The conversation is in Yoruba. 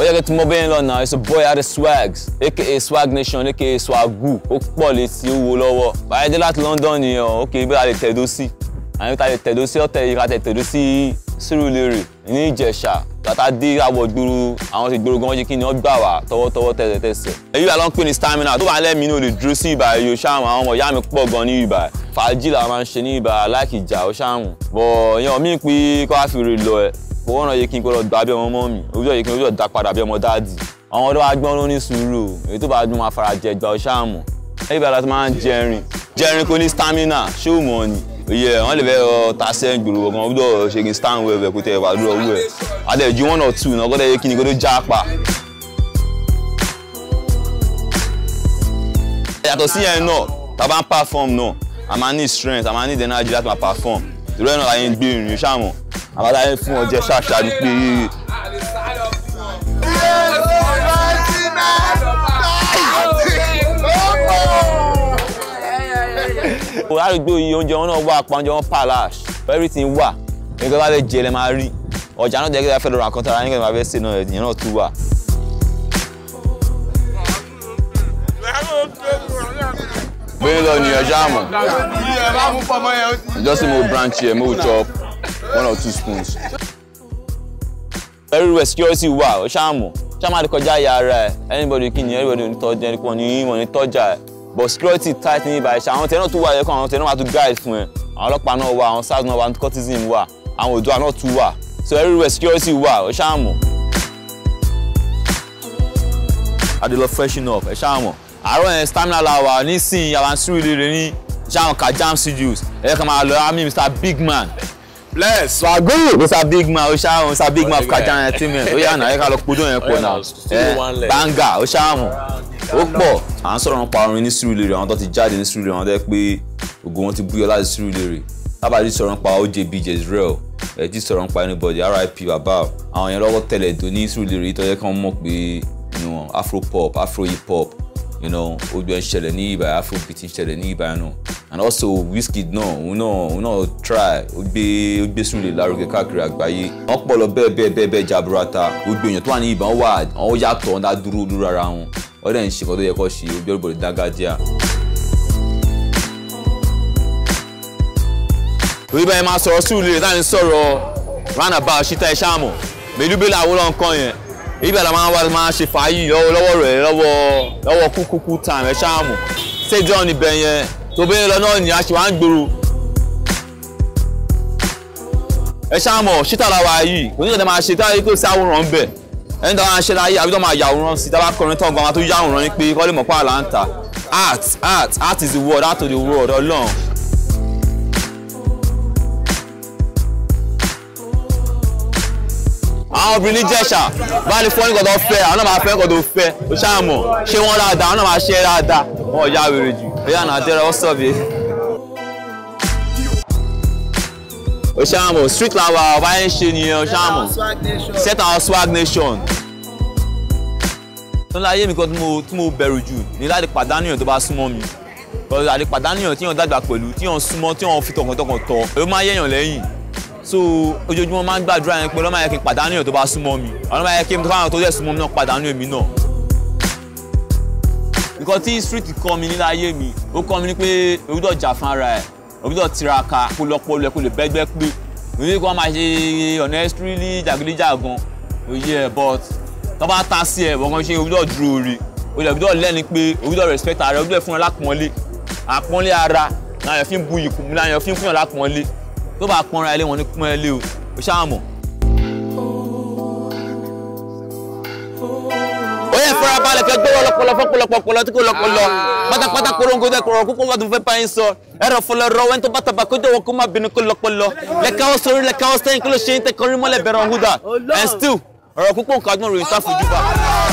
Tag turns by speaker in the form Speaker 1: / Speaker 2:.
Speaker 1: ó yẹ kí tí mo bẹ́ẹ̀ lọ it's a boy out of swags aka swag nation aka swagu ó pọ̀ létí ó wo lọ́wọ́ báyìí dé láti London nìyẹn ok bí a lè tẹ̀dó sí àyìn tá a lè tẹ̀dó sí ọ̀tẹ̀ yìí ká tẹ̀ tẹ̀dó sí Surulere ní that tata dé I gbòòrò àwọn ti gbòòrò gan ṣe kí ni wọ́n gbà wá tọwọ́tọwọ́ tẹ̀sẹ̀tẹ̀sẹ̀. èyí wà ló ń pè ní stamina tó bá lẹ́mí ní o lè dúró sí ìbà yìí o ṣáàmù àwọn ọmọ ìyá mi pọ̀ gan ní ìbà fàájì làwọn máa ń ṣe ní ìbà láìkìjà o ṣáàmù bọ̀ ìyẹn ò mí pé kó wá fi rè owó ọ̀nà yẹ kí n gbọ́dọ̀ gba bí ọmọ mọ́ mi òwúrọ̀ yẹ kí n gbọ́dọ̀ dá padà bí ọmọ dáàdì àwọn ọ̀dọ́ wa ló ní sùúrù èyí tó bá dùn máa fara gba ọṣà mọ̀ ẹ̀yìn bàtà tó máa ń jẹrin jẹrin kò ní stamina ṣé ò mọ̀ ni òye ẹ̀ wọ́n lè fẹ́ ọ tasẹ́ gbòòrò ọ̀gán òwúrọ̀ ṣe kí n stand well well kó tẹ̀ wà lórí ọwọ́ ẹ̀ àtẹ̀jú one or two náà gọ́dọ̀ yàtọ̀ sí yẹn náà tá a bá ń perform náà a máa ní strength a máa ní energy láti máa perform ìrẹ́ náà la gbé ìrìn ṣáà mọ̀ àwọn aláyẹ fún ọjẹ ṣáṣá ni pé. àrùgbó yìí oúnjẹ wọn náà wà pàǹjọ wọn palace everything wà nígbà bá fẹ́ jẹ lẹ́ máa rí ọjà náà dẹ́gbẹ́ fẹ́ lọ ràn kan tara nígbà bá fẹ́ sè náà ìyẹn náà tún wà. bẹ́ẹ̀ lọ ni ẹja àmọ́ ìjọsìn mo branch yẹn mo chop one or two spoons. everywhere security wà ó ṣáà mọ̀ ṣáà má lè kọjá ìyá ara ẹ̀ anybody kí ni anybody ní tọ́jú ẹni pọ̀ ní ìmọ̀ ní tọ́jà ẹ̀ but security tight ní ibà ẹ̀ṣẹ̀ àwọn tẹ̀ náà tún wà lẹ́kọ̀ọ́ àwọn tẹ̀ náà wà tún guide fún ẹ̀ àwọn ọlọ́pàá náà wà àwọn SARS náà wà cortism wà àwọn Oòduà náà tún wà so everywhere security wà ó ṣáà mọ̀. adé fresh enough, up ẹ ṣáà mọ̀ àárọ̀ yẹn stamina la wà nísìnyí àwọn sùúrù lè rìn ní ṣáà kà jam studios ẹ kàn máa lọ àmì Mr Big Man bless. swago mr big man oṣa ahun mr big man of Kajang entertainment oya na ayika lọ pojú yẹn pọ náà banga oṣa ahun ó pọ̀ à ń sọ̀rọ̀ nípa orin ní Surulere àwọn tó ti jáde ní Surulere àwọn tó yẹ pé ògùn wọn ti búyọ láti Surulere tábàdí sọ̀rọ̀ nípa ojb jezreel ẹ̀ ti sọ̀rọ̀ nípa anybody rip baba àwọn yẹn lọ́wọ́ tẹ̀lẹ̀ dò ní Surulere tó yẹ kí wọ́n mọ̀ afro pop afro hip hop ojú ẹ̀ ń ṣẹlẹ̀ ní ìbàyà afro beat ń ṣẹlẹ̀ ní ìbàyà náà and also Wizkid náà òun náà òun náà try ó gbé ó gbé Sùnlè lárugẹ káàkiri àgbáyé wọ́n pọ̀ jaburata gbogbo èèyàn tó wà ní ìbọn wà wọ́n yàtọ̀ dúró lórí ara wọn wọ́n ń ṣe nǹkan yẹ ṣe ojú báyìí máa sọ̀rọ̀ la máa wá máa ṣe fàáyì lọ́wọ́ rẹ̀ lọ́wọ́ lọ́wọ́ kúkúkú tó bẹ́ẹ̀ lọ ni a ṣe wá ń gbòòrò ẹ ṣáà mọ̀ ṣítà làwa yìí kò ní ìjọba máa ṣe tí wọ́n sí àwòrán bẹ̀ ẹni tó máa ṣe láyé àbí tó máa yàwòrán sí tá kọrin tán gan máa tó yàwòrán yín pé kọ́ lè mọ̀ pa àlà ń tà art art art is the world art of the world ọlọ́run. àwọn obìnrin jẹ́ṣà báyìí fún ẹnìkan tó fẹ́ àwọn náà máa fẹ́ ẹnìkan tó fẹ́ ó ṣáà mọ̀ ṣé wọ́n dáadáa àwọn náà máa ṣe é dáadáa wọn ò yá wèrè jù. Ja, na, there also be. Oshamo, street lava, wine sheen ni Oshamo. Set our swag nation. Tó láyé mi kan tí mo tí mo bẹ̀rù jù ní láti pàdánù èèyàn tó bá súnmọ́ mi. Bọ́lá àti pàdánù èèyàn tí wọ́n dàgbà pẹ̀lú tí wọ́n súnmọ́ tí wọ́n fi tọkàntọkàn tọ̀. Èyí máa yẹ̀yàn lẹ́yìn. So ojoojúmọ́ máa ń gbàdúrà yẹn pé ọlọ́mọ yẹ kí n pàdánù èèyàn tó bá súnmọ́ mi. Ọlọ́mọ yẹ kí n tó fáwọn tó dẹ̀ súnmọ́ mi náà pàdánù èmi náà nǹkan tí street kọ́ mi nílé ayé mi ó kọ́ mi ní pé o gbọ́dọ̀ jà fúnra ẹ̀ o gbọ́dọ̀ tiraka kó lọ́pọ̀lọ́ ẹ̀ kó lè bẹ́gbẹ́ pé òní kan máa ṣe ọ̀nà ẹ́sítírílì jàgídíjàgan òye ẹ̀ but tó bá ta sí ẹ̀ wọ́n kan ṣe o gbọ́dọ̀ dúró rí o lè gbọ́dọ̀ lẹ́ni pé o gbọ́dọ̀ respect ara o gbọ́dọ̀ fún ọ lápọ́nlé àpọ́nlé ara làwọn èèyàn fi ń bu ìkùn làwọn èèyàn fi ń fún ọ lápọ́nlé tó bá pọ́nra ẹ lé wọn ní pọ́n ẹ lé o o ṣáà mọ̀ balẹ̀ fẹ́ gbọ́rọ̀ lọ́pọ̀lọ́ fọ́pọ̀lọpọ̀ pọ̀lọ́ tí kò lọ́pọ̀lọ́ pátápátá korongo tẹ kọ̀rọ̀ kókó wà tó fẹ́ pa yín sọ ẹ̀rọ fọlọ́ rọ wẹ́n tó bá tàbá kó jọ̀wọ́ kó má bínú kó lọ́pọ̀lọ́ lẹ́ka ó sọrí lẹ́ka ó sẹ́yìn kó ló ṣe ń tẹ kọrin mọ́lẹ̀ bẹ̀rẹ̀ ọ̀húdà and still ọ̀rọ̀ púpọ̀ nǹkan adúmọ̀ ròyìn sáfù jùbà.